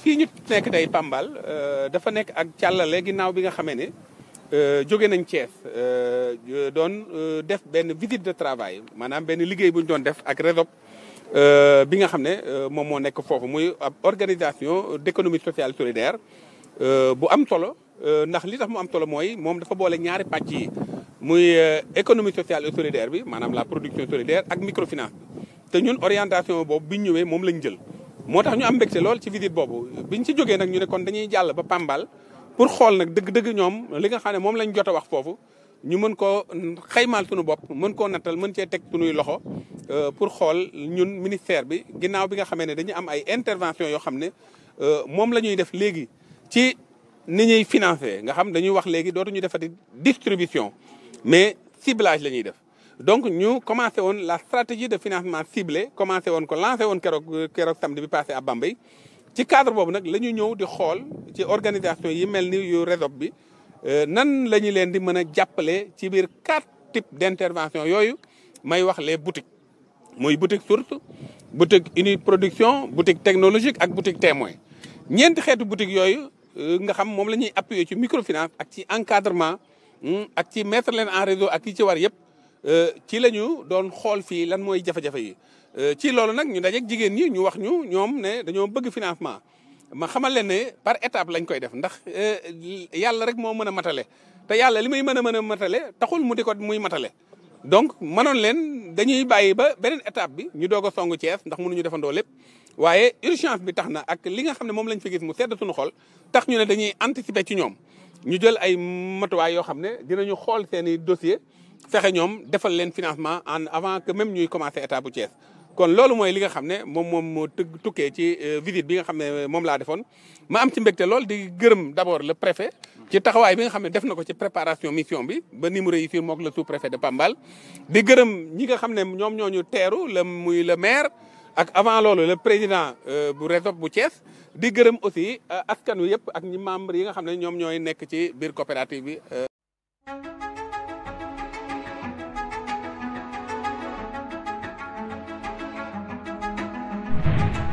fii ñu nekk tey Pambal euh, dafa nekk ak càllale ginnaaw bi nga xamee ne euh, jóge nañ Thiès euh, doon def benn visite de travail maanaam benn liggéey bu ñu doon def ak RESOP bi nga xam ne moom moo nekk foofu muy ab organisation d'économie sociale solidaire bu am solo ndax li tax mu am solo mooy moom dafa boole ñaari pàcc yi muy économie sociale et solidaire bi maanaam la production solidaire ak microfinance te ñun orientation boobu bi ñu ñëwee moom lañ jël moo tax ñu am mbégte lool ci visite boobu biñ ci jógee nag ñu ne kon dañuy jàll ba Pambal pour xool nag dëgg-dëgg ñoom li nga xam ne moom lañ jot wax foofu ñu mën koo xaymaal sunu bopp mën koo nattal mën cee teg sunuy loxo euh, pour xool ñun ministère bi ginnaaw bi nga xamee ne dañu am ay intervention yoo xam ne euh, moom la ñuy def léegi ci ni ñuy financé nga xam dañuy wax léegi dootuñu defati distribution mais ciblage la ñuy def donc ñu commencé woon la stratégie de financement ciblé commencé woon ko lancé woon keroog keroog samedi bi passé à Bambey ci cadre boobu nag la ñu ñëw di xool ci organisation yi mel ni yu RESOP bi euh, nan la ñu leen di mën a jàppale ci biir quatre type d' intervention yooyu may wax les boutiques muy boutique source boutique uni production boutique technologique ak boutique témoin ñeenti xeetu boutique yooyu euh, nga xam moom la ñuy appuyer ci microfinance ak ci encadrement hmm, ak ci mettre leen en réseau ak yi ci war yëpp Euh, ci la ñu doon xool fii lan mooy jafe-jafe yi euh, ci loolu nag ñu dajeeg jigéen ñi ñu wax ñu ñoom ne dañoo bëgg financement ma xamal leen ne par étape lañ koy def ndax euh, yàlla rek moo mën a matale te yàlla li muy mën a mën a matale taxul mu di ko muy matale. donc mënoon leen dañuy bàyyi ba beneen étape bi ñu doog a songu Thiès ndax mënuñu defandoo lépp waaye urgence bi tax na ak li nga xam ne moom lañ fi gis mu sedd suñu xol tax ñu ne dañuy anticiper ci ñoom ñu jël ay matuwaay yoo xam ne dinañu xool seen i dossier fexe ñoom defal leen financement en avant que même ñuy commencé état bu Thiès. kon loolu mooy li nga xam ne moom moom moo tëgg tukkee ci euh, visite bi nga xam ne euh, moom laa defoon ma am ci mbégte lool di gërëm d' abord le préfet. ci taxawaay bi nga xam ne def na ko ci préparation mission bi ba ni mu réussir mook la sous préfet de Pambal. di gërëm ñi nga xam ne ñoom ñoo ñu teeru la muy le maire ak avant loolu le président euh, bu réseau bu cees di gërëm aussi askan wi yëpp ak ñi membre yi nga xam ne ñoom ñooy nekk ci biir coopérative bi. thank you